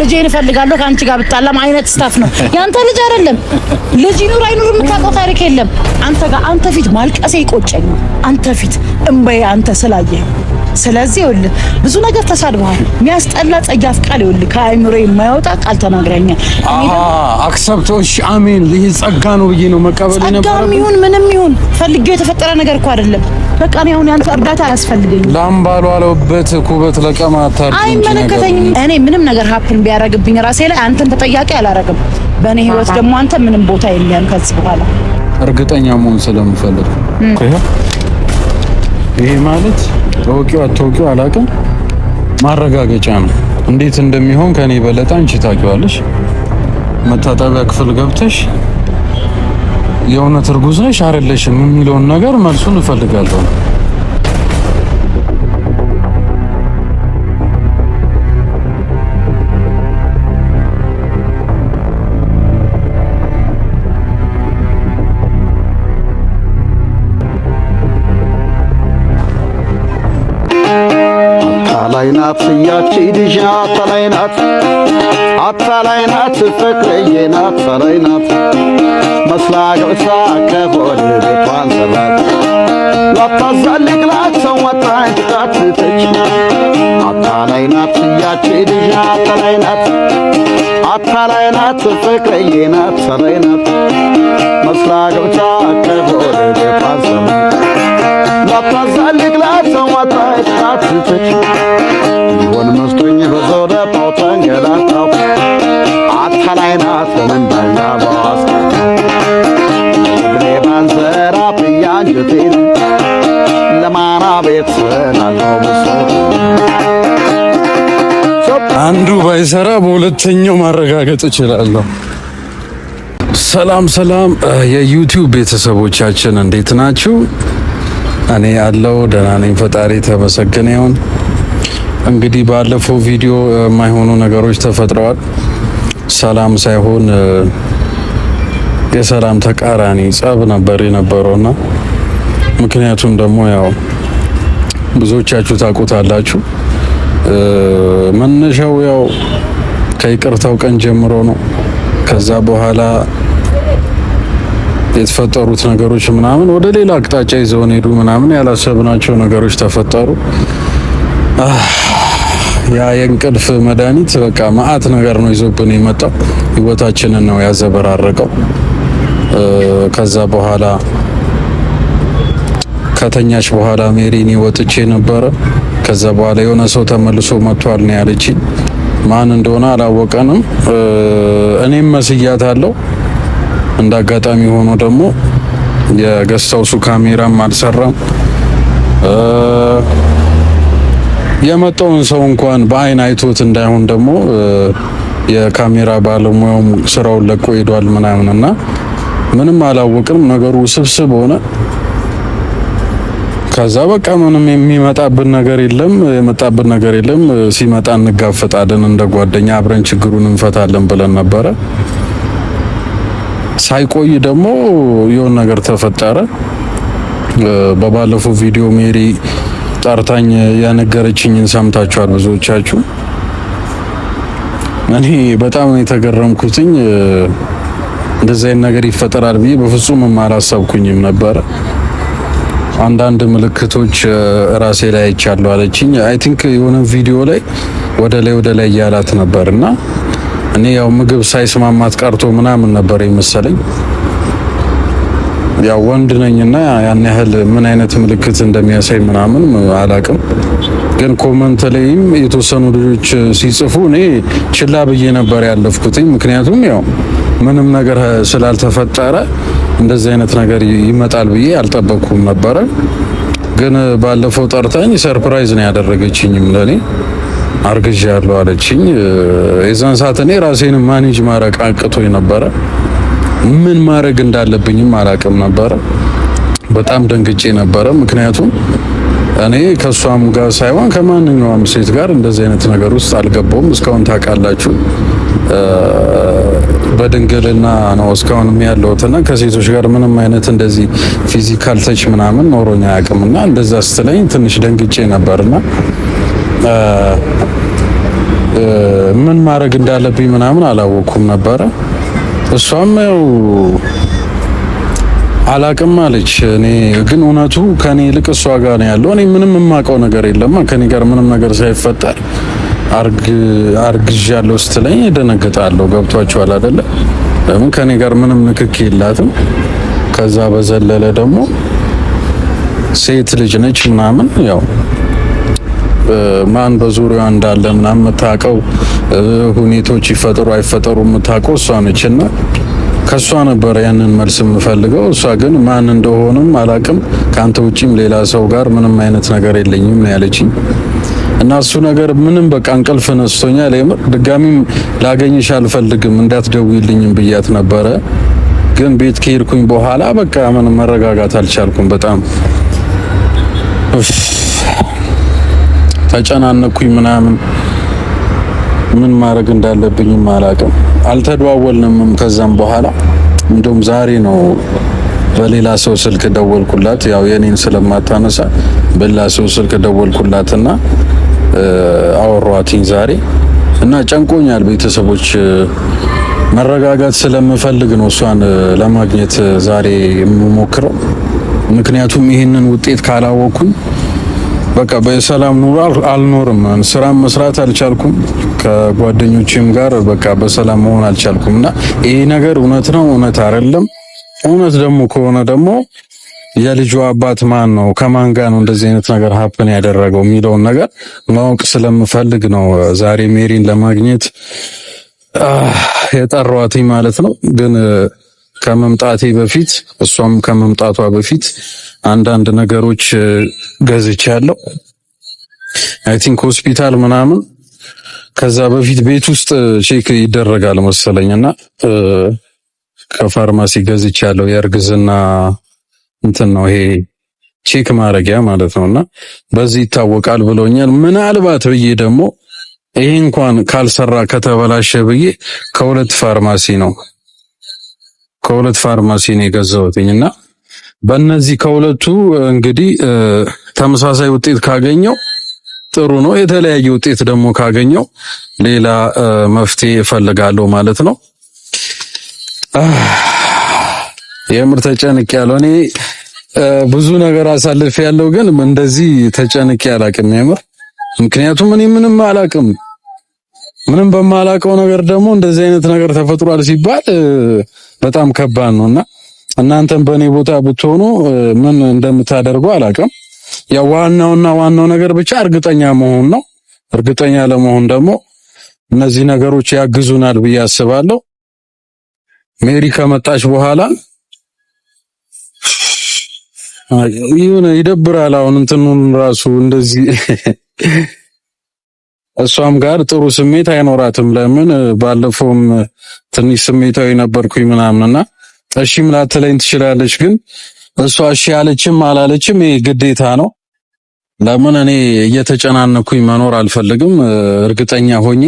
ልጄን እፈልጋለሁ ከአንቺ ጋር ብጣላም አይነት ስታፍ ነው። ያንተ ልጅ አይደለም። ልጅ ይኑር አይኑር የምታውቀው ታሪክ የለም። አንተ ጋር አንተ ፊት ማልቀሴ ይቆጨኝ። አንተ ፊት እምበይ አንተ ስላየ ስለዚህ ወል ብዙ ነገር ተሳድበሃል። የሚያስጠላ ጸያፍ ቃል ይወል ከአእምሮ የማይወጣ ቃል ተናግራኛል። አክሰብቶሽ አሜን። ይህ ጸጋ ነው ብዬ ነው መቀበል ጸጋም ይሁን ምንም ይሁን ፈልጌው የተፈጠረ ነገር እኮ አይደለም። በቃ ነው አሁን ያንተ እርዳታ አያስፈልገኝም። ላምባሉ አለውበት ኩበት ለቀማ ታዲያ አይመለከተኝም። እኔ ምንም ነገር ሀፕን ቢያደርግብኝ ራሴ ላይ አንተን ተጠያቂ አላረግም። በእኔ ህይወት ደግሞ አንተ ምንም ቦታ የለም ከዚህ በኋላ እርግጠኛ መሆን ስለምፈልግ ይሄ ማለት ታውቂው አታውቂው አላውቅም፣ ማረጋገጫ ነው። እንዴት እንደሚሆን ከኔ በለጠ አንቺ ታውቂዋለሽ። መታጠቢያ ክፍል ገብተሽ የእውነት እርጉዝ ነሽ አይደለሽም የሚለውን ነገር መልሱን እፈልጋለሁ። አታላይናት ስያች ኢድዣ አታላይናት አታላይናት ፍቅርዬ ናት አታላይናት መስላጆቿ ከሆድ ቤቷን ሰራት ላታዛልቅላት ሰው አጣኝ ትቃትተች አታላይ ናት ያቺ ልጅ አታላይ ናት አታላይ ናት ፍቅርዬ ናት ሰላይ ናት መስላጆቿ ከሆድ ቤቷን ሰራት ላታዛልቅላት ሰው አጣኝ ትቃትተች ሊሆን መስቶኝ በዞረ ፓውተን ገላታው አታላይ ናት ለምን አንዱ ባይሰራ በሁለተኛው ማረጋገጥ እችላለሁ። ሰላም ሰላም የዩቲዩብ ቤተሰቦቻችን እንዴት ናችሁ? እኔ አለው ደህና ነኝ፣ ፈጣሪ ተመሰገነ ይሁን። እንግዲህ ባለፈው ቪዲዮ የማይሆኑ ነገሮች ተፈጥረዋል። ሰላም ሳይሆን የሰላም ተቃራኒ ጸብ ነበር የነበረውና ምክንያቱም ደግሞ ያው ብዙዎቻችሁ ታውቁታላችሁ መነሻው ያው ከይቅርታው ቀን ጀምሮ ነው። ከዛ በኋላ የተፈጠሩት ነገሮች ምናምን ወደ ሌላ አቅጣጫ ይዘውን ሄዱ። ምናምን ያላሰብናቸው ነገሮች ተፈጠሩ። ያ የእንቅልፍ መድኃኒት በቃ መዓት ነገር ነው ይዞብን የመጣው ህይወታችንን ነው ያዘበራረቀው። ከዛ በኋላ ከተኛች በኋላ ሜሪኒ ወጥቼ ነበረ። ከዛ በኋላ የሆነ ሰው ተመልሶ መጥቷል ነው ያለችኝ። ማን እንደሆነ አላወቀንም። እኔም መስያት አለው። እንደ አጋጣሚ ሆኖ ደግሞ የገስት ካሜራም አልሰራም። የመጣውን ሰው እንኳን በአይን አይቶት እንዳይሆን ደግሞ የካሜራ ባለሙያውም ስራውን ለቆ ሄዷል ምናምን እና ምንም አላወቅንም። ነገሩ ውስብስብ ሆነ። ከዛ በቃ ምንም የሚመጣብን ነገር የለም፣ የመጣብን ነገር የለም። ሲመጣ እንጋፈጣለን፣ እንደ ጓደኛ አብረን ችግሩን እንፈታለን ብለን ነበረ። ሳይቆይ ደግሞ የሆነ ነገር ተፈጠረ። በባለፈው ቪዲዮ ሜሪ ጠርታኝ ያነገረችኝን ሰምታችኋል ብዙዎቻችሁ። እኔ በጣም ነው የተገረምኩትኝ። እንደዚህ አይነት ነገር ይፈጠራል ብዬ በፍጹም አላሰብኩኝም ነበረ። አንዳንድ ምልክቶች ራሴ ላይ አይቻለሁ አለችኝ። አይ ቲንክ የሆነ ቪዲዮ ላይ ወደ ላይ ወደ ላይ እያላት ነበር እና እኔ ያው ምግብ ሳይስማማት ቀርቶ ምናምን ነበር የመሰለኝ። ያው ወንድ ነኝና ያን ያህል ምን አይነት ምልክት እንደሚያሳይ ምናምን አላቅም። ግን ኮመንት ላይም የተወሰኑ ልጆች ሲጽፉ እኔ ችላ ብዬ ነበር ያለፍኩትኝ። ምክንያቱም ያው ምንም ነገር ስላልተፈጠረ እንደዚህ አይነት ነገር ይመጣል ብዬ አልጠበቅኩም ነበረ። ግን ባለፈው ጠርታኝ ሰርፕራይዝ ነው ያደረገችኝም ለኔ አርግዣ ያለው አለችኝ። የዛን ሰዓት እኔ ራሴን ማኔጅ ማድረግ አቅቶኝ ነበረ። ምን ማድረግ እንዳለብኝም አላቅም ነበረ። በጣም ደንግጬ ነበረ። ምክንያቱም እኔ ከእሷም ጋር ሳይሆን ከማንኛውም ሴት ጋር እንደዚህ አይነት ነገር ውስጥ አልገባውም። እስካሁን ታውቃላችሁ በድንግልና ነው እስካሁንም ያለሁት እና ከሴቶች ጋር ምንም አይነት እንደዚህ ፊዚካል ተች ምናምን ኖሮኝ አያውቅም። እና እንደዛ ስትለኝ ትንሽ ደንግጬ ነበርና ምን ማድረግ እንዳለብኝ ምናምን አላወኩም ነበረ። እሷም ያው አላቅም አለች። እኔ ግን እውነቱ ከኔ ይልቅ እሷ ጋር ነው ያለው። እኔ ምንም የማውቀው ነገር የለም ከኔ ጋር ምንም ነገር ሳይፈጠር አርግ አርግዣለሁ ስትለኝ እደነግጣለሁ። ገብቷችኋል አይደለ? ለምን ከኔ ጋር ምንም ንክክ የላትም። ከዛ በዘለለ ደግሞ ሴት ልጅ ነች ምናምን ያው ማን በዙሪያዋ እንዳለ ምናምን የምታውቀው ሁኔታዎች ይፈጠሩ አይፈጠሩ የምታውቀው እሷ ነች እና ከእሷ ነበር ያንን መልስ የምፈልገው። እሷ ግን ማን እንደሆንም አላቅም፣ ከአንተ ውጪም ሌላ ሰው ጋር ምንም አይነት ነገር የለኝም ነው ያለችኝ። እና እሱ ነገር ምንም በቃ እንቅልፍ ነስቶኛል። የምር ድጋሚም ላገኝሽ አልፈልግም እንዳትደውይልኝም ብያት ነበረ። ግን ቤት ከሄድኩኝ በኋላ በቃ ምንም መረጋጋት አልቻልኩም። በጣም ተጨናነኩኝ ምናምን ምን ማድረግ እንዳለብኝም አላቅም። አልተደዋወልንም ከዛም በኋላ እንደውም ዛሬ ነው በሌላ ሰው ስልክ ደወልኩላት። ያው የኔን ስለማታነሳ በሌላ ሰው ስልክ ደወልኩላትና አወሯትኝ ዛሬ እና ጨንቆኛል። ቤተሰቦች መረጋጋት ስለምፈልግ ነው እሷን ለማግኘት ዛሬ የምሞክረው። ምክንያቱም ይህንን ውጤት ካላወቅኩኝ በቃ በሰላም ኑሮ አልኖርም። ስራም መስራት አልቻልኩም። ከጓደኞቼም ጋር በቃ በሰላም መሆን አልቻልኩም እና ይሄ ነገር እውነት ነው እውነት አይደለም እውነት ደግሞ ከሆነ ደግሞ የልጁ አባት ማን ነው፣ ከማን ጋር ነው እንደዚህ አይነት ነገር ሀፕን ያደረገው የሚለውን ነገር ማወቅ ስለምፈልግ ነው ዛሬ ሜሪን ለማግኘት የጠሯት ማለት ነው። ግን ከመምጣቴ በፊት እሷም ከመምጣቷ በፊት አንዳንድ ነገሮች ገዝቻለሁ። አይ ቲንክ ሆስፒታል ምናምን ከዛ በፊት ቤት ውስጥ ቼክ ይደረጋል መሰለኝና ከፋርማሲ ገዝቻለሁ የእርግዝና እንትን ነው ይሄ ቼክ ማረጊያ ማለት ነውና በዚህ ይታወቃል ብሎኛል። ምናልባት ብዬ ደግሞ ይሄ እንኳን ካልሰራ ከተበላሸ ብዬ ከሁለት ፋርማሲ ነው ከሁለት ፋርማሲ ነው የገዛሁትኝ በእነዚህ ከሁለቱ እንግዲህ ተመሳሳይ ውጤት ካገኘው ጥሩ ነው። የተለያየ ውጤት ደግሞ ካገኘው ሌላ መፍትሄ እፈልጋለሁ ማለት ነው። የምር ተጨንቅ ያለው እኔ ብዙ ነገር አሳልፍ ያለው ግን እንደዚህ ተጨንቅ አላቅም የምር። ምክንያቱም እኔ ምንም አላቅም። ምንም በማላቀው ነገር ደግሞ እንደዚህ አይነት ነገር ተፈጥሯል ሲባል በጣም ከባድ ነውና እናንተም በእኔ ቦታ ብትሆኑ ምን እንደምታደርጉ አላቅም። ያው ዋናውና ዋናው ነገር ብቻ እርግጠኛ መሆን ነው። እርግጠኛ ለመሆን ደግሞ እነዚህ ነገሮች ያግዙናል ብዬ አስባለሁ። ሜሪ ከመጣች በኋላ ይሁን ይደብራል። አሁን እንትኑን ራሱ እንደዚህ እሷም ጋር ጥሩ ስሜት አይኖራትም። ለምን ባለፈውም ትንሽ ስሜታዊ ነበርኩኝ ምናምንና እሺም ላትለኝ ትችላለች። ግን እሷ እሺ አለችም አላለችም ይሄ ግዴታ ነው። ለምን እኔ እየተጨናነኩኝ መኖር አልፈልግም። እርግጠኛ ሆኜ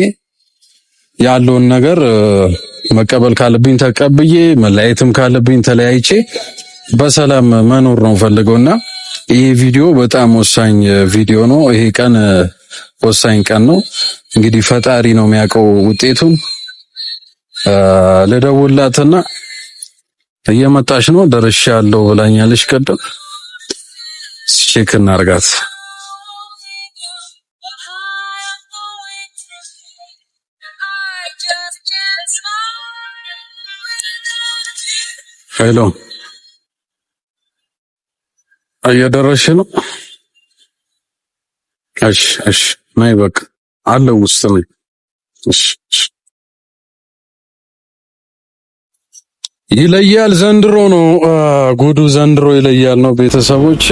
ያለውን ነገር መቀበል ካለብኝ ተቀብዬ መለያየትም ካለብኝ ተለያይቼ በሰላም መኖር ነው ፈልገው እና ይሄ ቪዲዮ በጣም ወሳኝ ቪዲዮ ነው። ይሄ ቀን ወሳኝ ቀን ነው። እንግዲህ ፈጣሪ ነው የሚያውቀው ውጤቱን። ልደውላትና እየመጣች ነው ደርሻ ያለው ብላኛለች። ቀደም ቼክ እናርጋት። ሄሎ እየደረሽ ነው? እሺ፣ እሺ፣ ነይ በቃ አለው ውስጥ ነኝ። እሺ፣ ይለያል ዘንድሮ ነው ጉዱ፣ ዘንድሮ ይለያል ነው። ቤተሰቦች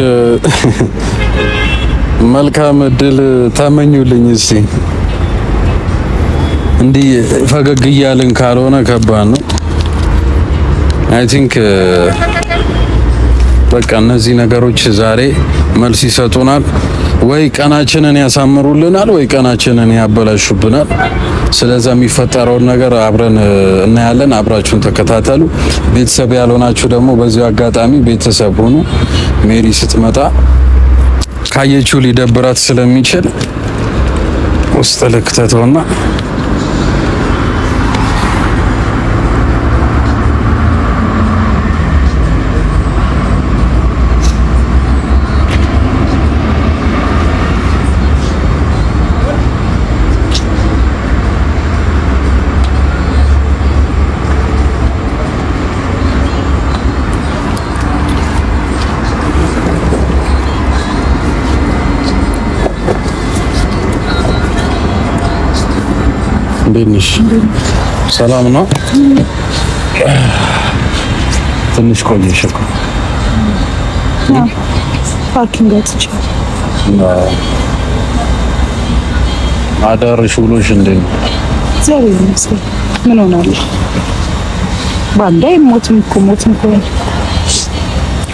መልካም እድል ተመኙልኝ እስቲ። እንዲህ ፈገግ እያልን ካልሆነ ከባድ ነው። አይ ቲንክ በቃ እነዚህ ነገሮች ዛሬ መልስ ይሰጡናል። ወይ ቀናችንን ያሳምሩልናል፣ ወይ ቀናችንን ያበላሹብናል። ስለዛ የሚፈጠረውን ነገር አብረን እናያለን። አብራችሁን ተከታተሉ። ቤተሰብ ያልሆናችሁ ደግሞ በዚሁ አጋጣሚ ቤተሰብ ሁኑ። ሜሪ ስትመጣ ካየችው ሊደብራት ስለሚችል ውስጥ ልክተተውና እንዴት ነሽ? ሰላም ነው። ትንሽ ቆየሽ እኮ ፓርኪንግ አዳርሽ ውሎሽ እንዴት ነው? ምን ሆናለሽ? ሞትም እኮ ሞትም እኮ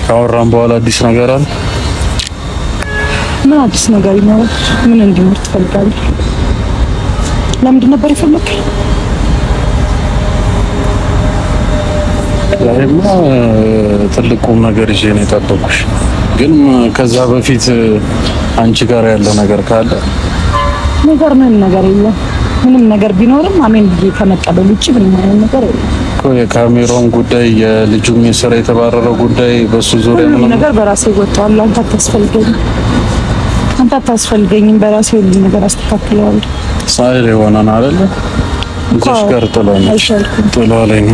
ካወራን በኋላ አዲስ ነገር አለ? ምን አዲስ ነገር ይኖራል? ምን እንዲኖር ትፈልጋለሽ? ለምንድን ነበር የፈለግከኝ? ዛሬማ ትልቅ ቁም ነገር ይዤ ነው የጠበኩሽ። ግን ከዛ በፊት አንቺ ጋር ያለ ነገር ካለ ነገር ምንም ነገር የለም። ምንም ነገር ቢኖርም አሜን ብዬ ከመቀበል ውጭ ምንም አይነት ነገር የለም የካሜሮን የካሜራውን ጉዳይ፣ የልጁም የስራ የተባረረው ጉዳይ፣ በሱ ዙሪያ ምንም ነገር በራሴ ወጣው። አንተ አታስፈልገኝም አንተ አታስፈልገኝም፣ በራሴ ሁሉ ነገር አስተካክለዋለሁ። ሳይር የሆነን አይደለ እዚሽ ጋር ጥሎኝ ጥሎኝ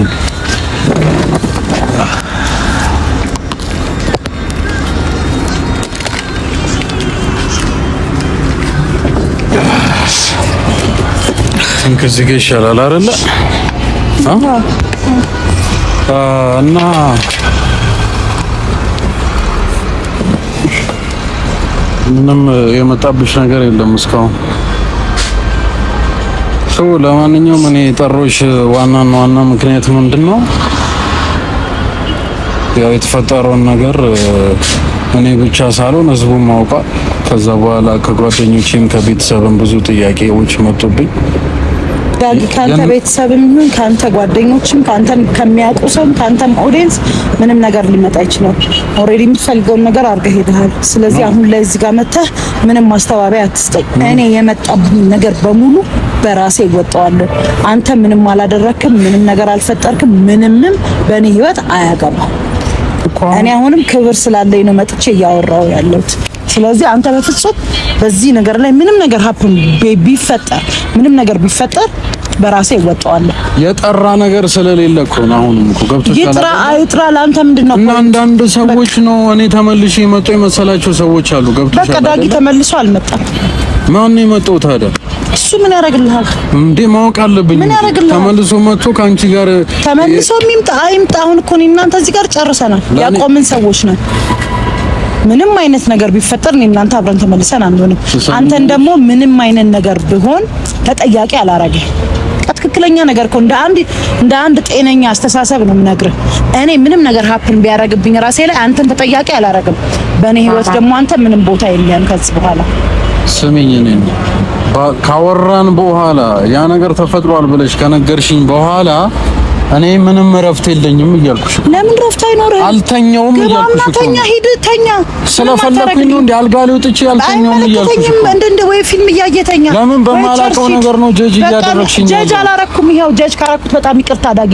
ከዚህ ጋር ይሻላል አይደለ እና ምንም የመጣብሽ ነገር የለም እስካሁን። ለማንኛውም እኔ ጠሮሽ ዋናና ዋና ምክንያት ምንድነው? ያው የተፈጠረውን ነገር እኔ ብቻ ሳልሆን ህዝቡ ማውቃ ከዛ በኋላ ከጓደኞቼም ከቤተሰብም ብዙ ጥያቄዎች መጡብኝ። ዳጊ ከአንተ ቤተሰብም ይሁን ከአንተ ጓደኞችም ከአንተን ከሚያውቁ ሰውም ከአንተም ኦዲየንስ ምንም ነገር ሊመጣ ይችላል። ኦልሬዲ የምትፈልገውን ነገር አድርገህ ሄደሃል። ስለዚህ አሁን ለዚህ ጋር መጥተህ ምንም ማስተባበያ አትስጠኝ። እኔ የመጣብኝ ነገር በሙሉ በራሴ ይወጣዋለሁ። አንተ ምንም አላደረክም፣ ምንም ነገር አልፈጠርክም፣ ምንምም በእኔ ህይወት አያገባም። እኔ አሁንም ክብር ስላለኝ ነው መጥቼ እያወራው ያለሁት። ስለዚህ አንተ በፍጹም በዚህ ነገር ላይ ምንም ነገር ሀፕን ቢፈጠር ምንም ነገር ቢፈጠር በራሴ ይወጣዋል። የጠራ ነገር ስለሌለ እኮ ነው። አሁንም እኮ ገብቶሻል። ይጥራ አይጥራ ለአንተ ምንድን ነው? እና አንዳንድ ሰዎች ነው እኔ ተመልሼ የመጣሁ የመሰላቸው ሰዎች አሉ። ገብቶሻል። በቃ ዳጊ ተመልሶ አልመጣም። ማን ነው የመጣው ታዲያ? እሱ ምን ያደርግልሃል እንዴ? ማወቅ አለብኝ። ምን ያደርግልሃል? ተመልሶ መጥቶ ከአንቺ ጋር ተመልሶ የሚምጣ አይምጣ፣ አሁን እኮ እኔ እናንተ እዚህ ጋር ጨርሰናል። ያቆምን ሰዎች ነን። ምንም አይነት ነገር ቢፈጠር እኔ እናንተ አብረን ተመልሰን አንሆንም። አንተን ደግሞ ምንም አይነት ነገር ቢሆን ተጠያቂ አላረገ ትክክለኛ ነገር እኮ እንደ አንድ እንደ አንድ ጤነኛ አስተሳሰብ ነው የምነግርህ። እኔ ምንም ነገር ሀፕን ቢያደርግብኝ ራሴ ላይ አንተን ተጠያቂ አላረግም። በእኔ ህይወት ደግሞ አንተ ምንም ቦታ የለም ከዚህ በኋላ። ስሚኝ ነኝ ካወራን በኋላ ያ ነገር ተፈጥሯል ብለሽ ከነገርሽኝ በኋላ እኔ ምንም እረፍት የለኝም እያልኩሽ። ለምን እረፍት አይኖርም? አልተኛውም እያልኩሽ ነው። ተኛ፣ ሂድ፣ ተኛ። ስለፈለኩኝ ነው እንዴ? አልጋ ላይ ወጥቼ አልተኛውም እያልኩሽ ነው። እንደ ወይ ፊልም እያየ ተኛ። ለምን በማላውቀው ነገር ነው ጀጅ እያደረግሽኝ? ጀጅ አላረኩም። ይኸው ጀጅ ካረኩት በጣም ይቅርታ ዳጊ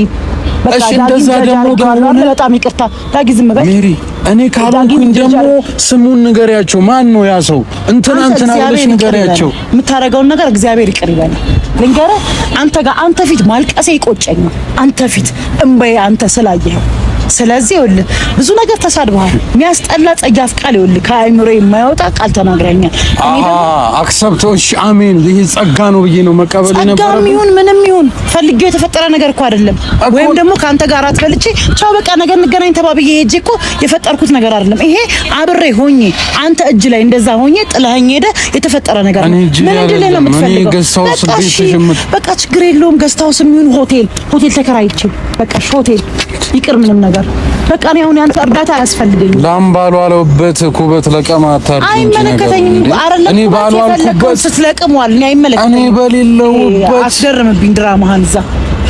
እሺ እንደዛ ደግሞ ከሆነ በጣም ይቅርታ ዳጊ፣ ዝም በል ሜሪ። እኔ ካልኩኝ ደግሞ ስሙን ንገሪያቸው። ማን ነው ያ ሰው? እንትና እንትና ብለሽ ንገሪያቸው። የምታደርገውን ነገር እግዚአብሔር ይቅር ይበል። ልንገርህ፣ አንተ ጋር አንተ ፊት ማልቀሴ ይቆጨኛል። አንተ ፊት እምባዬ አንተ ስላየኸው ስለዚህ ይኸውልህ ብዙ ነገር ተሳድበሃል። የሚያስጠላ ጸያፍ ቃል ይኸውልህ ከአይምሮ የማይወጣ ቃል ተናግራኛል። አክሰብቶሽ አሜን። ይሄ ጸጋ ነው ብዬ ነው መቀበል የነበረው። ጸጋም ይሁን ምንም ይሁን ፈልጌው የተፈጠረ ነገር እኮ አይደለም። ወይም ደግሞ ከአንተ ጋር አትፈልጪ ቻው በቃ ነገር እንገናኝ ተባብዬ ሄጄ እኮ የፈጠርኩት ነገር አይደለም። ይሄ አብሬ ሆኜ አንተ እጅ ላይ እንደዛ ሆኜ ጥለኸኝ ሄደ የተፈጠረ ነገር ነው። ምን እንድልህ ነው የምትፈልገው? በቃ ችግር የለውም ገስት ሃውስ የሚሆን ሆቴል ሆቴል ተከራይቼ በቃ ሆቴል ይቅር ምንም ነገር ነገር በቃ ነው። አሁን ያንተ እርዳታ አያስፈልገኝም። ላም ባሉ አለበት ኩበት ለቀማ አታርጉ። አይመለከተኝም። አይደለም እኔ ባሉ አለበት ስትለቅሟል። እኔ አይመለከተኝም። እኔ በሌለውበት አስገርምብኝ ድራማህን እዛ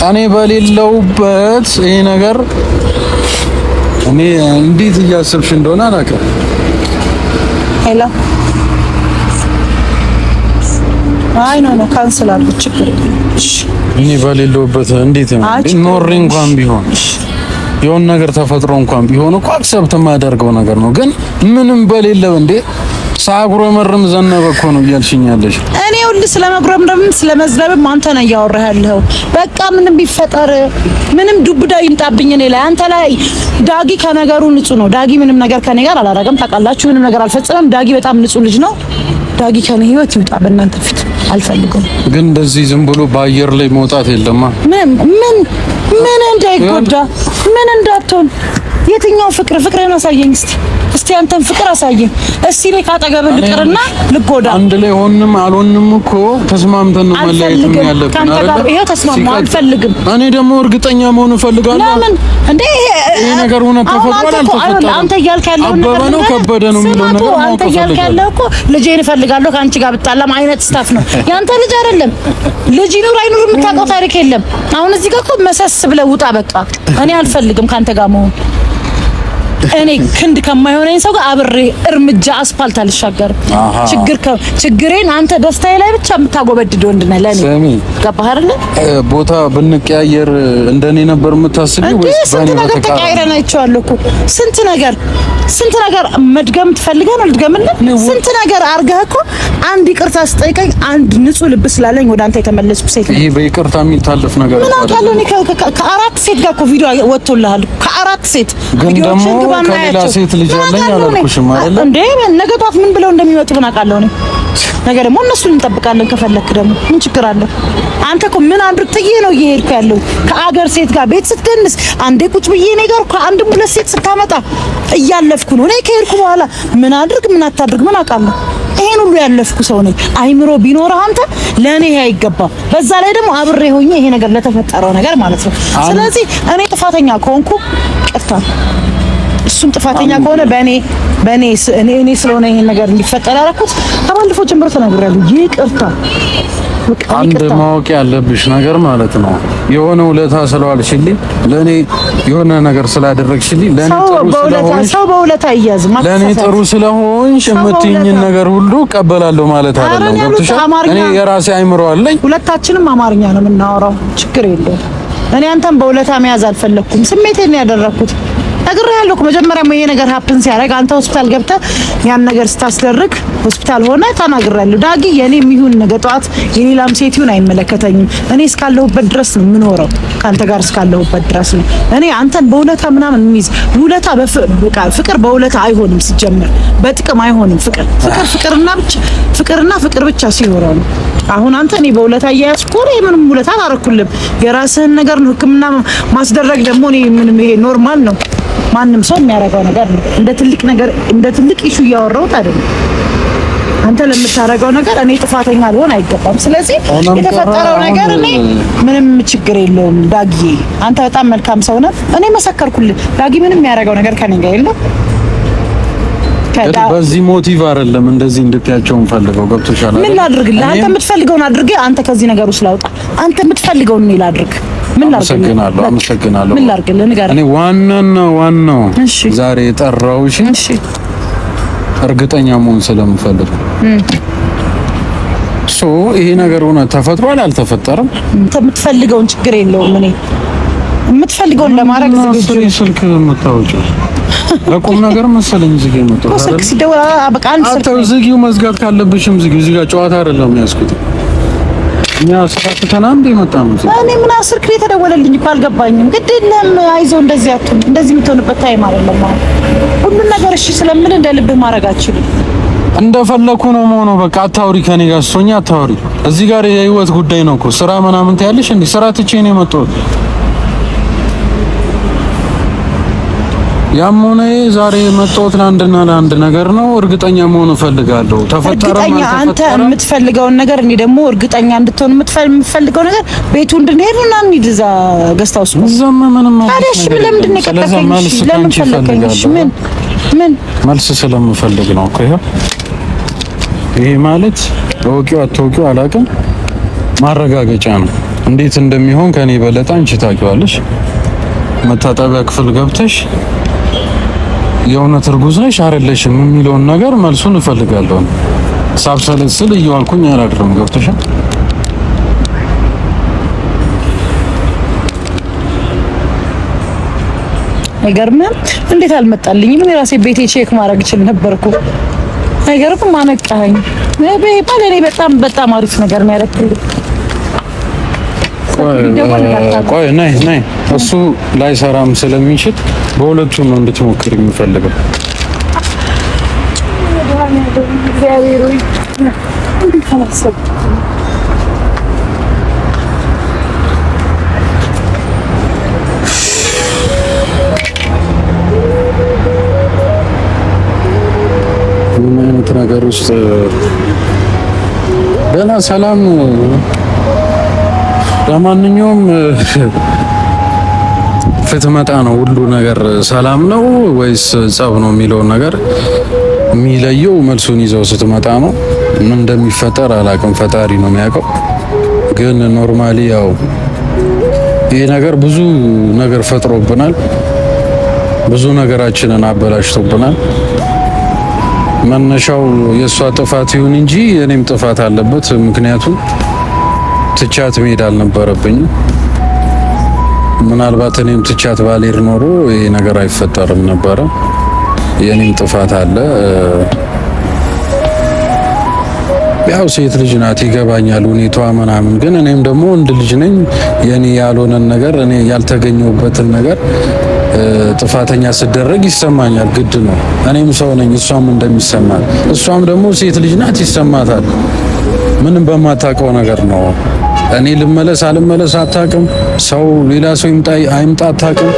እኔ በሌለውበት ይሄ ነገር እኔ እንዴት እያሰብሽ እንደሆነ አላውቅም። ሄሎ አይ ነው ነው ካንስል አድርጉ። ችግር እኔ በሌለውበት እንዴት ነው ኖሬ እንኳን ቢሆን የሆነ ነገር ተፈጥሮ እንኳን ቢሆን እኮ አክሰብት የማያደርገው ነገር ነው። ግን ምንም በሌለው እንዴ ሳጉረመርም ዘነበ እኮ ነው እያልሽኝ እኔ ሁሉ ስለመጉረምረም ስለመዝለብም አንተ ነህ እያወራህ ያለኸው። በቃ ምንም ቢፈጠር ምንም ዱብዳ ይምጣብኝ እኔ ላይ አንተ ላይ። ዳጊ ከነገሩ ንጹህ ነው። ዳጊ ምንም ነገር ከኔ ጋር አላደረገም። ታውቃላችሁ፣ ምንም ነገር አልፈጸመም። ዳጊ በጣም ንጹህ ልጅ ነው። ዳጊ ከኔ ህይወት ይውጣ በእናንተ ፊት አልፈልገውም። ግን እንደዚህ ዝም ብሎ በአየር ላይ መውጣት የለማ ምን ምን ምን እንዳይጎዳ ምን እንዳትሆን የትኛው ፍቅር ፍቅርን አሳየኝ እስቲ እስቲ አንተን ፍቅር አሳየኝ። እስቲ እኔ ካጠገብ ልቅርና ልጎዳ። አንድ ላይ ሆንም አልሆንም እኮ ተስማምተን ነው መለያየት ያለብን። ካንተ ጋር ይሄ ተስማማ አልፈልግም። እኔ ደግሞ እርግጠኛ መሆን እፈልጋለሁ። ለምን እንዴ ይሄ ነገር ሆነ ተፈጥሯል አልተፈጠረም? አንተ እያልክ ያለው ነገር አበበ ነው ከበደ ነው የሚለው ነገር ነው። አንተ እያልክ ያለው እኮ ልጄን እፈልጋለሁ ከአንቺ ጋር ብጣላም አይነት ስታፍ ነው። ያንተ ልጅ አይደለም። ልጅ ይኑር አይኑር የምታውቀው ታሪክ የለም። አሁን እዚህ ጋር እኮ መሰስ ብለህ ውጣ። በቃ እኔ አልፈልግም ካንተ ጋር መሆን እኔ ክንድ ከማይሆነኝ ሰው ጋር አብሬ እርምጃ አስፋልት አልሻገርም። ችግር ችግሬን አንተ ደስታዬ ላይ ብቻ የምታጎበድድ ወንድ ነህ ለኔ። ገባህ አይደል? ቦታ ብንቀያየር እንደኔ ነበር የምታስቢው ወይስ ስንት ነገር ተቀያይረን አይቼዋለሁ እኮ ስንት ነገር ስንት ነገር መድገም ትፈልገን አልድገምልን? ስንት ነገር አርገህ እኮ አንድ ይቅርታ ስጠይቀኝ አንድ ንጹህ ልብ ስላለኝ ወደ አንተ የተመለስኩ ሴት ነኝ። ይሄ በይቅርታ የሚታለፍ ነገር ምን አውቃለሁ። ከአራት ሴት ጋር እኮ ቪዲዮ ወጥቶልሃል። ከአራት ሴት ግን ደግሞ ከሌላ ሴት ልጅ አለኝ አላልኩሽም አይደል እንዴ? ነገ ጧት ምን ብለው እንደሚመጡ ምን አውቃለሁ እኔ ነገ ደግሞ እነሱን እንጠብቃለን። ከፈለክ ደግሞ ምን ችግር አለ? አንተ እኮ ምን አድርግ ጥዬ ነው እየሄድኩ ያለው ከአገር ሴት ጋር ቤት ስትደንስ አንዴ ቁጭ ብዬ እኔ ጋር ከአንድ ሁለት ሴት ስታመጣ እያለፍኩ ነው። እኔ ከሄድኩ በኋላ ምን አድርግ ምን አታድርግ ምን አውቃለሁ? ይሄን ሁሉ ያለፍኩ ሰው ነኝ። አይምሮ ቢኖር አንተ ለኔ ይሄ አይገባም። በዛ ላይ ደግሞ አብሬ ሆኜ ይሄ ነገር ለተፈጠረው ነገር ማለት ነው። ስለዚህ እኔ ጥፋተኛ ከሆንኩ ቅርታ እሱም ጥፋተኛ ከሆነ በእኔ በእኔ እኔ እኔ ስለሆነ ይሄን ነገር እንዲፈጠር ያደረኩት ከባለፈው ጀምሮ ተናግሬያለሁ። ይቅርታ አንድ ማወቅ ያለብሽ ነገር ማለት ነው የሆነ ውለታ ስለዋልሽልኝ ለእኔ የሆነ ነገር ስላደረግሽልኝ ለእኔ ጥሩ ስለሆንሽ ሰው በውለታ ይያዝ ማለት ለእኔ ጥሩ ስለሆንሽ የምትይኝን ነገር ሁሉ እቀበላለሁ ማለት አይደለም። ገብቶሻል? እኔ የራሴ አይምሮ አለኝ። ሁለታችንም አማርኛ ነው የምናወራው፣ ችግር የለውም። እኔ አንተም በውለታ መያዝ አልፈለኩም፣ ስሜቴን ያደረኩት ነግሬሃለሁ እኮ መጀመሪያ ይሄ ነገር ሀፕን ሲያደርግ አንተ ሆስፒታል ገብተ ያን ነገር ስታስደርግ ሆስፒታል ሆነ ተናግሬያለሁ። ዳጊ የኔ የሚሆን ነገ ጠዋት የሌላም ሴት ይሁን አይመለከተኝም። እኔ እስካለሁበት ድረስ ነው የምኖረው ከአንተ ጋር እስካለሁበት ድረስ ነው። እኔ አንተን በውለታ ምናምን የሚይዝ ውለታ ፍቅር በውለታ አይሆንም። ሲጀምር በጥቅም አይሆንም። ፍቅር ፍቅር ፍቅርና ብቻ ፍቅርና ፍቅር ብቻ ሲኖረው ነው አሁን አንተ እኔ በውለታ እያያዝኩ እኔ ምንም ውለታ አላረኩልም። የራስህን ነገር ነው ህክምና ማስደረግ ደግሞ እኔ ምንም ይሄ ኖርማል ነው፣ ማንም ሰው የሚያደርገው ነገር ነው። እንደ ትልቅ ነገር እንደ ትልቅ ኢሹ እያወራሁት አይደለም። አንተ ለምታደርገው ነገር እኔ ጥፋተኛ ልሆን አይገባም። ስለዚህ የተፈጠረው ነገር እኔ ምንም ችግር የለውም። ዳጊ አንተ በጣም መልካም ሰው ነህ። እኔ መሰከርኩልህ። ዳጊ ምንም የሚያደርገው ነገር ከኔ ጋር የለም። በዚህ ሞቲቭ አይደለም እንደዚህ እንድትያቸው እንፈልገው። ገብቶሻል? ምን ላድርግልህ? አንተ የምትፈልገውን አድርጌ አንተ ከዚህ ነገር ውስጥ ላውጣ። አንተ የምትፈልገውን ነው ላድርግ። ምን ላድርግልህ? አመሰግናለሁ። ምን ላድርግልህ? ንገረኝ። እኔ ዋናና ዋናው ዛሬ የጠራሁሽ እርግጠኛ መሆን ስለምፈልግ ሶ ይሄ ነገር ሆነ ተፈጥሯል አልተፈጠረም። የምትፈልገውን ችግር የለውም። እኔ የምትፈልገውን ለማድረግ ዝግጁ ስልክ የምታወጪው ለቁም ነገር መሰለኝ ዝግ የመጣው ስልክ ሲደወል በቃ አንድ ስልክ አታው ዝጊው፣ መዝጋት ካለብሽም ዝጊው። እዚህ ጋር ጨዋታ አይደለም ያስኩት እኛ ስራ ፈተና እንደ መጣ ነው። እኔ ምን አስር ክሬ ተደወለልኝ እኮ አልገባኝም። ግድ የለም አይዞ፣ እንደዚህ አትሁን፣ እንደዚህ የምትሆንበት ታይም አይደለም። አሁን ሁሉን ነገር እሺ ስለምን እንደ ልብህ ማድረግ አትችልም። እንደፈለኩ ነው መሆነው። በቃ አታውሪ፣ ከኔ ጋር ሶኛ አታውሪ። እዚህ ጋር የህይወት ጉዳይ ነው እኮ ስራ ምናምን ትያለሽ እንዴ? ስራ ትቼ ነው የመጣሁት ያም ሆነ ዛሬ መጣሁት ለአንድና ለአንድ ነገር ነው። እርግጠኛ መሆን እፈልጋለሁ። ተፈጠረ አንተ የምትፈልገውን ነገር እኔ ደግሞ እርግጠኛ እንድትሆን የምትፈልገው ነገር ቤቱ እንድንሄድ እና እንሂድ እዛ ገስት ሃውስ ነው። እዛማ ምንም አለሽ። ለምንድን ነው የቀጠርከኝ? ለምን ፈለከኝ? ምን ምን መልስ ስለምፈልግ ነው እኮ ይሄ ይሄ ማለት እወቂው አትወቂው አላውቅም፣ ማረጋገጫ ነው። እንዴት እንደሚሆን ከኔ በለጠ አንቺ ታውቂዋለሽ። መታጠቢያ ክፍል ገብተሽ የእውነት እርጉዝ ነሽ አይደለሽም የሚለውን ነገር መልሱን እፈልጋለሁ። ሳብሰለስል እየዋልኩኝ አላድርም። ገብቶሻል? አይገርምም? እንዴት አልመጣልኝም? ራሴ ቤቴ ቼክ ማድረግ ይችል ነበርኩ። አይገርም? ማነቃኸኝ። በጣም በጣም አሪፍ ነገር ነው ያደረግኩት። ቆይ ነይ ነይ እሱ ላይሰራም ስለሚችል በሁለቱም ነው እንድትሞክር የሚፈልገው። ምን አይነት ነገር ውስጥ ገና ሰላም ለማንኛውም ፍትመጣ ነው ሁሉ ነገር ሰላም ነው ወይስ ጸብ ነው የሚለውን ነገር የሚለየው መልሱን ይዘው ስትመጣ ነው። ምን እንደሚፈጠር አላውቅም ፈጣሪ ነው የሚያውቀው። ግን ኖርማሊ ያው ይሄ ነገር ብዙ ነገር ፈጥሮብናል፣ ብዙ ነገራችንን አበላሽቶብናል። መነሻው የእሷ ጥፋት ይሁን እንጂ የእኔም ጥፋት አለበት። ምክንያቱም ትቻት መሄድ አልነበረብኝም። ምናልባት እኔም ትቻት ባሌር ኖሮ ይሄ ነገር አይፈጠርም ነበረ። የእኔም ጥፋት አለ። ያው ሴት ልጅ ናት፣ ይገባኛል ሁኔቷ ምናምን። ግን እኔም ደግሞ ወንድ ልጅ ነኝ። የኔ ያልሆነን ነገር እኔ ያልተገኘሁበትን ነገር ጥፋተኛ ስደረግ ይሰማኛል፣ ግድ ነው። እኔም ሰው ነኝ፣ እሷም እንደሚሰማ እሷም ደግሞ ሴት ልጅ ናት፣ ይሰማታል። ምንም በማታውቀው ነገር ነው። እኔ ልመለስ አልመለስ አታውቅም። ሰው ሌላ ሰው ይምጣ አይምጣ አታውቅም።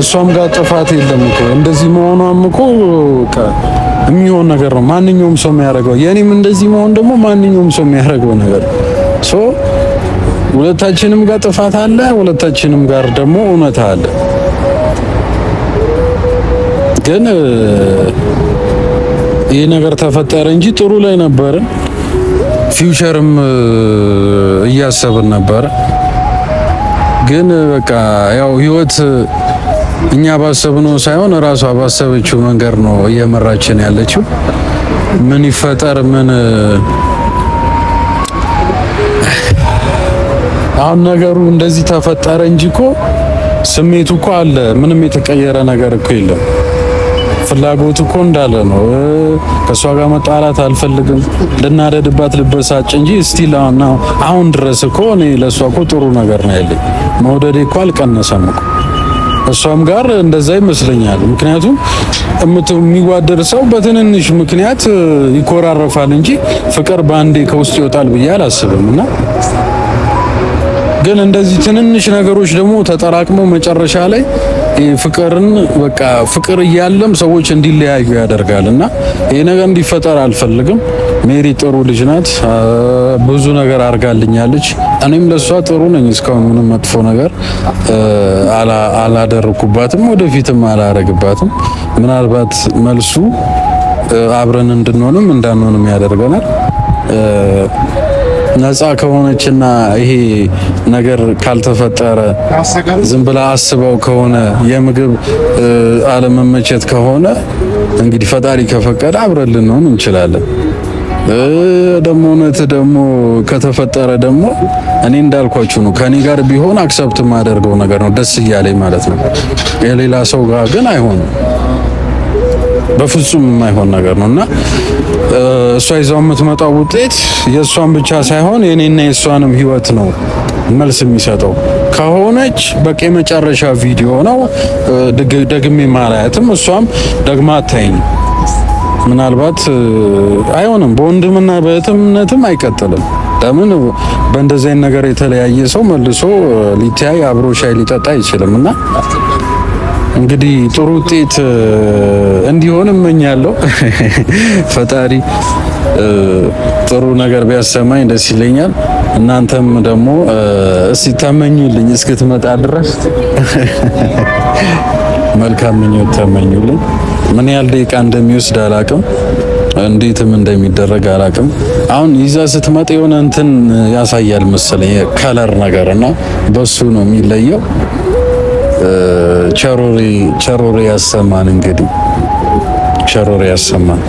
እሷም ጋር ጥፋት የለም እኮ እንደዚህ መሆኗም እኮ የሚሆን ነገር ነው። ማንኛውም ሰው የሚያደርገው የእኔም እንደዚህ መሆን ደግሞ ማንኛውም ሰው የሚያደርገው ነገር ሶ ሁለታችንም ጋር ጥፋት አለ፣ ሁለታችንም ጋር ደግሞ እውነት አለ። ግን ይህ ነገር ተፈጠረ እንጂ ጥሩ ላይ ነበርን። ፊውቸርም እያሰብን ነበር። ግን በቃ ያው ህይወት እኛ ባሰብነው ሳይሆን እራሷ ባሰበችው መንገድ ነው እየመራችን ያለችው። ምን ይፈጠር ምን አሁን ነገሩ እንደዚህ ተፈጠረ እንጂ እኮ ስሜቱ እኮ አለ። ምንም የተቀየረ ነገር እኮ የለም። ፍላጎት እኮ እንዳለ ነው። ከእሷ ጋር መጣላት አልፈልግም፣ ልናደድባት ልበሳጭ እንጂ እስቲል አሁን ድረስ እኮ እኔ ለእሷ እኮ ጥሩ ነገር ነው ያለኝ። መውደዴ እኮ አልቀነሰም እኮ እሷም ጋር እንደዛ ይመስለኛል። ምክንያቱም የሚዋደድ ሰው በትንንሽ ምክንያት ይኮራረፋል እንጂ ፍቅር በአንዴ ከውስጥ ይወጣል ብዬ አላስብም። እና ግን እንደዚህ ትንንሽ ነገሮች ደግሞ ተጠራቅመው መጨረሻ ላይ ፍቅርን በቃ ፍቅር እያለም ሰዎች እንዲለያዩ ያደርጋል እና ይህ ነገር እንዲፈጠር አልፈልግም። ሜሪ ጥሩ ልጅ ናት። ብዙ ነገር አድርጋልኛለች። እኔም ለእሷ ጥሩ ነኝ። እስካሁን ምንም መጥፎ ነገር አላደረግኩባትም፣ ወደፊትም አላረግባትም። ምናልባት መልሱ አብረን እንድንሆንም እንዳንሆንም ያደርገናል። ነጻ ከሆነችና ይሄ ነገር ካልተፈጠረ ዝም ብላ አስበው ከሆነ የምግብ አለመመቸት ከሆነ እንግዲህ ፈጣሪ ከፈቀደ አብረን ልንሆን እንችላለን። ደግሞ እውነት ደግሞ ከተፈጠረ ደግሞ እኔ እንዳልኳችሁ ነው። ከኔ ጋር ቢሆን አክሰብት የማደርገው ነገር ነው፣ ደስ እያለኝ ማለት ነው። የሌላ ሰው ጋር ግን አይሆንም፣ በፍጹም የማይሆን ነገር ነው እና እሷ ይዛው የምትመጣው ውጤት የእሷን ብቻ ሳይሆን የኔና የእሷንም ህይወት ነው መልስ የሚሰጠው ከሆነች በቃ የመጨረሻ ቪዲዮ ነው። ደግሜ ማላያትም እሷም ደግማ አታይኝ። ምናልባት አይሆንም፣ በወንድምና በእህትነትም አይቀጥልም። ለምን በእንደዚህ ነገር የተለያየ ሰው መልሶ ሊተያይ አብሮ ሻይ ሊጠጣ አይችልም እና እንግዲህ ጥሩ ውጤት እንዲሆን እመኛለሁ። ፈጣሪ ጥሩ ነገር ቢያሰማኝ ደስ ይለኛል። እናንተም ደግሞ እስቲ ተመኙልኝ እስክትመጣ ድረስ መልካም ምኞት ተመኙልኝ። ምን ያህል ደቂቃ እንደሚወስድ አላቅም፣ እንዴትም እንደሚደረግ አላቅም። አሁን ይዛ ስትመጣ የሆነ እንትን ያሳያል መሰለኝ ከለር ነገር እና በሱ ነው የሚለየው ቸሮሪ ያሰማን እንግዲህ ቸሮሪ ያሰማን።